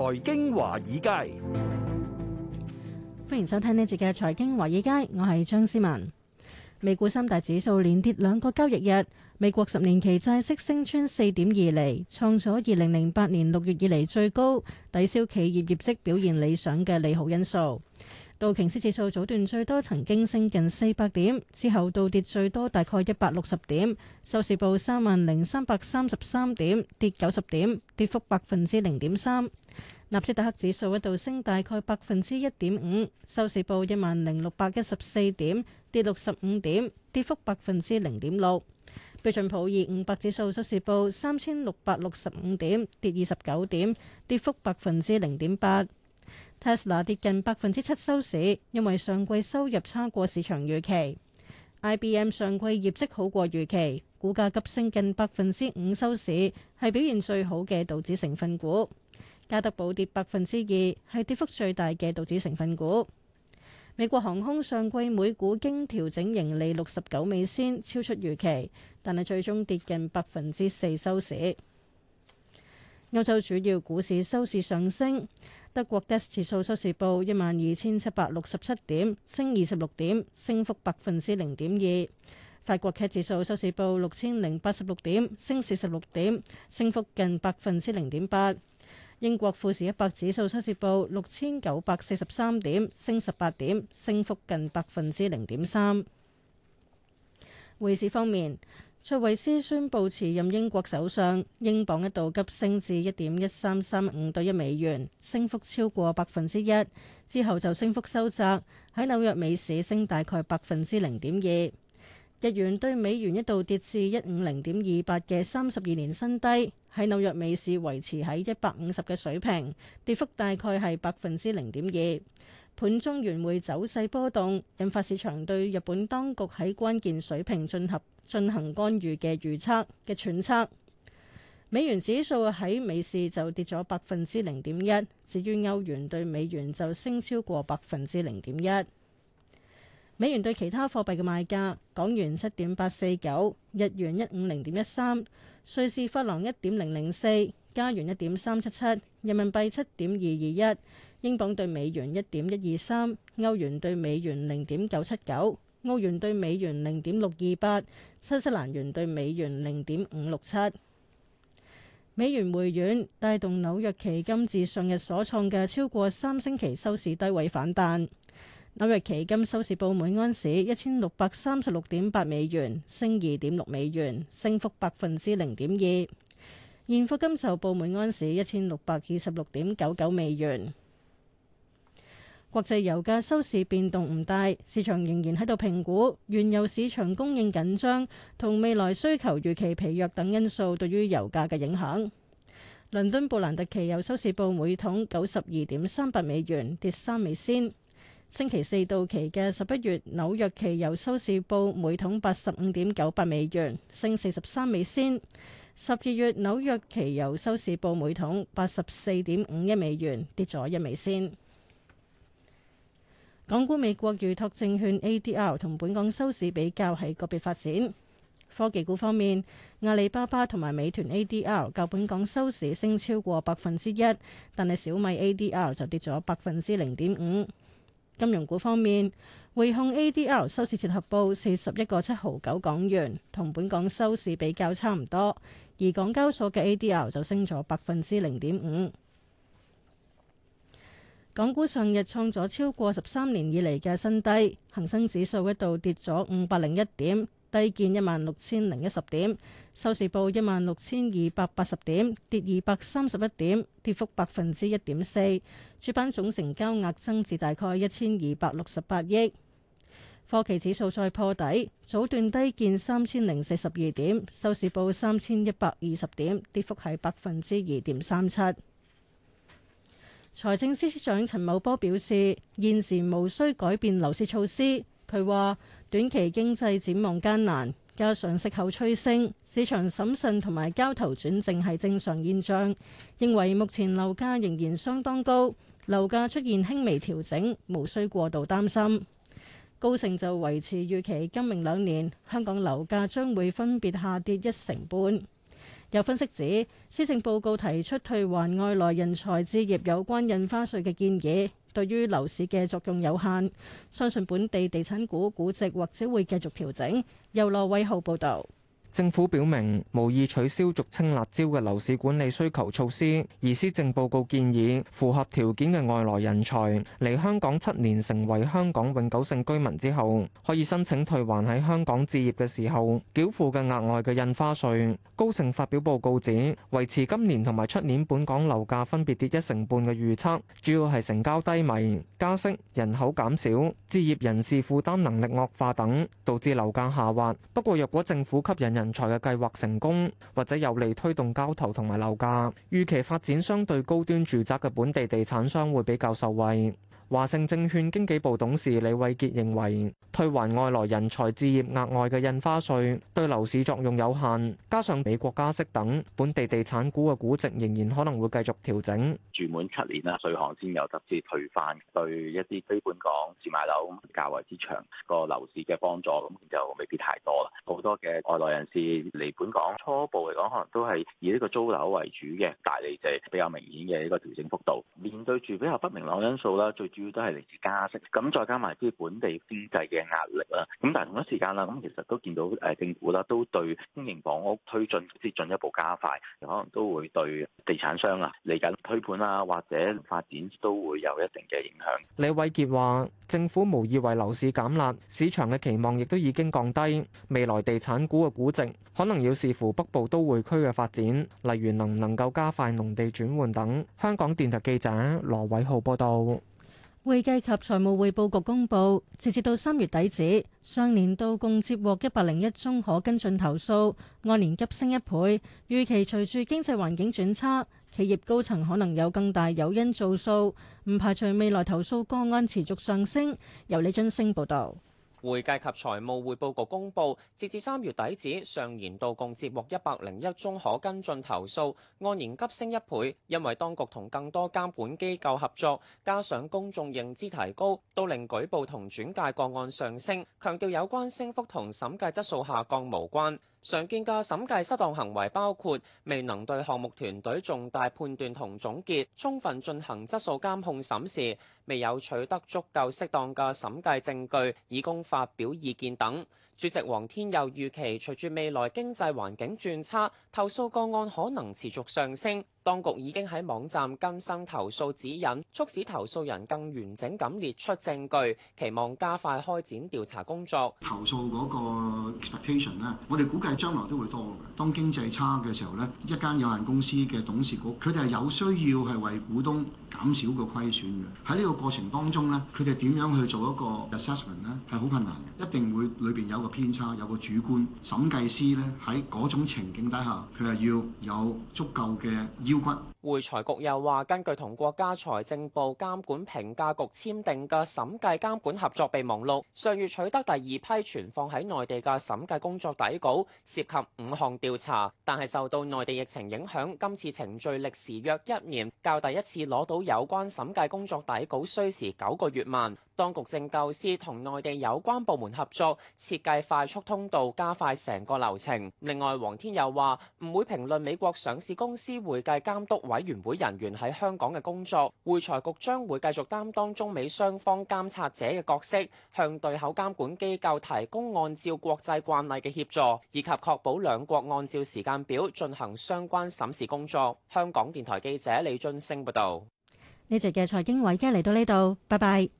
財經華爾街，歡迎收聽呢節嘅財經華爾街，我係張思文。美股三大指數連跌兩個交易日，美國十年期債息升穿四點二厘，創咗二零零八年六月以嚟，最高，抵消企業業績表現理想嘅利好因素。道瓊斯指數早段最多曾經升近四百點，之後倒跌最多大概一百六十點，收市報三萬零三百三十三點，跌九十點，跌幅百分之零點三。納斯達克指數一度升大概百分之一點五，收市報一萬零六百一十四點，跌六十五點，跌幅百分之零點六。標準普爾五百指數收市報三千六百六十五點，跌二十九點，跌幅百分之零點八。Tesla 跌近百分之七收市，因為上季收入差過市場預期。IBM 上季業績好過預期，股價急升近百分之五收市，係表現最好嘅道指成分股。加德寶跌百分之二，係跌幅最大嘅道指成分股。美國航空上季每股經調整盈利六十九美仙，超出預期，但係最終跌近百分之四收市。歐洲主要股市收市上升。德國 DAX 指數收市報一萬二千七百六十七點，升二十六點，升幅百分之零點二。法國 K 指數收市報六千零八十六點，升四十六點，升幅近百分之零點八。英國富時一百指數收市報六千九百四十三點，升十八點，升幅近百分之零點三。匯市方面。卓慧思宣布辭任英國首相，英鎊一度急升至一點一三三五兌一美元，升幅超過百分之一。之後就升幅收窄，喺紐約美市升大概百分之零點二。日元對美元一度跌至一五零點二八嘅三十二年新低，喺紐約美市維持喺一百五十嘅水平，跌幅大概係百分之零點二。盤中元匯走勢波動，引發市場對日本當局喺關鍵水平進行進行干預嘅預測嘅揣測。美元指數喺美市就跌咗百分之零點一，至於歐元對美元就升超過百分之零點一。美元對其他貨幣嘅賣價：港元七點八四九，日元一五零點一三，瑞士法郎一點零零四，加元一點三七七，人民幣七點二二一。英鎊兌美元一點一二三，歐元兌美元零點九七九，歐元兌美元零點六二八，新西蘭元兌美元零點五六七。美元回軟，帶動紐約期金自上日所創嘅超過三星期收市低位反彈。紐約期金收市報每盎司一千六百三十六點八美元，升二點六美元，升幅百分之零點二。現貨金收報每盎司一千六百二十六點九九美元。國際油價收市變動唔大，市場仍然喺度評估原油市場供應緊張同未來需求預期疲弱等因素對於油價嘅影響。倫敦布蘭特期油收市報每桶九十二點三八美元，跌三美仙。星期四到期嘅十一月紐約期油收市報每桶八十五點九八美元，升四十三美仙。十二月紐約期油收市報每桶八十四點五一美元，跌咗一美仙。港股、美國預託證券 ADR 同本港收市比較係個別發展。科技股方面，阿里巴巴同埋美團 ADR 較本港收市升超過百分之一，但係小米 ADR 就跌咗百分之零點五。金融股方面，匯控 ADR 收市折合報四十一個七毫九港元，同本港收市比較差唔多，而港交所嘅 ADR 就升咗百分之零點五。港股上日創咗超過十三年以嚟嘅新低，恒生指數一度跌咗五百零一點，低見一萬六千零一十點，收市報一萬六千二百八十點，跌二百三十一點，跌幅百分之一點四。主板總成交額增至大概一千二百六十八億。科技指數再破底，早段低見三千零四十二點，收市報三千一百二十點，跌幅係百分之二點三七。財政司司長陳茂波表示，現時無需改變樓市措施。佢話：短期經濟展望艱難，加上息口趨升，市場審慎同埋交投轉正係正,正常現象。認為目前樓價仍然相當高，樓價出現輕微調整，無需過度擔心。高盛就維持預期，今明兩年香港樓價將會分別下跌一成半。有分析指，施政報告提出退還外來人才置業有關印花稅嘅建議，對於樓市嘅作用有限，相信本地地產股估值或者會繼續調整。由羅偉浩報道。政府表明無意取消俗稱辣椒嘅樓市管理需求措施，而施政報告建議符合條件嘅外來人才嚟香港七年成為香港永久性居民之後可以申請退還喺香港置業嘅時候繳付嘅額外嘅印花稅。高盛發表報告指，維持今年同埋出年本港樓價分別跌一成半嘅預測主要係成交低迷、加息、人口減少、置業人士負擔能力惡化等，導致樓價下滑。不過若果政府吸引人人才嘅計劃成功，或者有利推動交投同埋樓價，預期發展相對高端住宅嘅本地地產商會比較受惠。華盛證券經紀部董事李偉傑認為，退還外來人才置業額外嘅印花稅對樓市作用有限，加上美國加息等，本地地產股嘅估值仍然可能會繼續調整。住滿七年啦，稅項先有得先退翻，對一啲非本港自買樓較為之長個樓市嘅幫助咁就未必太多啦。好多嘅外來人士嚟本港，初步嚟講可能都係以呢個租樓為主嘅，大利就係比較明顯嘅一個調整幅度。面對住比較不明朗因素啦，最主主要都係嚟自加息，咁再加埋啲本地經濟嘅壓力啦。咁但係同一時間啦，咁其實都見到誒政府啦，都對公營房屋推進即進一步加快，可能都會對地產商啊嚟緊推盤啊或者發展都會有一定嘅影響。李偉傑話政府無意為樓市減辣，市場嘅期望亦都已經降低。未來地產股嘅估值可能要視乎北部都會區嘅發展，例如能唔能夠加快農地轉換等。香港電台記者羅偉浩報道。會計及財務匯報局公佈，截至到三月底止，上年度共接獲一百零一宗可跟進投訴，按年急升一倍。預期隨住經濟環境轉差，企業高層可能有更大誘因造數，唔排除未來投訴個案持續上升。由李津升報道。會計及財務匯報局公佈，截至三月底止，上年度共接獲一百零一宗可跟進投訴，按年急升一倍，因為當局同更多監管機構合作，加上公眾認知提高，都令舉報同轉介個案上升。強調有關升幅同審計質素下降無關。常見嘅審計失當行為包括未能對項目團隊重大判斷同總結充分進行質素監控審視，未有取得足夠適當嘅審計證據以供發表意見等。主席黃天佑預期，隨住未來經濟環境轉差，投訴個案可能持續上升。當局已經喺網站更新投訴指引，促使投訴人更完整咁列出證據，期望加快開展調查工作。投訴嗰個 expectation 咧，我哋估計將來都會多嘅。當經濟差嘅時候咧，一間有限公司嘅董事局，佢哋係有需要係為股東減少個虧損嘅。喺呢個過程當中咧，佢哋點樣去做一個 assessment 咧，係好困難嘅，一定會裏邊有個。偏差有個主觀，審計師咧喺嗰種情境底下，佢係要有足夠嘅腰骨。會財局又話，根據同國家財政部監管評價局簽訂嘅審計監管合作備忘錄，上月取得第二批存放喺內地嘅審計工作底稿，涉及五項調查，但係受到內地疫情影響，今次程序歷時約一年，較第一次攞到有關審計工作底稿需時九個月慢。當局正構思同內地有關部門合作設計。快速通道，加快成個流程。另外，黃天佑話唔會評論美國上市公司會計監督委員會人員喺香港嘅工作。會財局將會繼續擔當中美雙方監察者嘅角色，向對口監管機構提供按照國際慣例嘅協助，以及確保兩國按照時間表進行相關審視工作。香港電台記者李俊升報道。呢集嘅財經華爾街嚟到呢度，拜拜。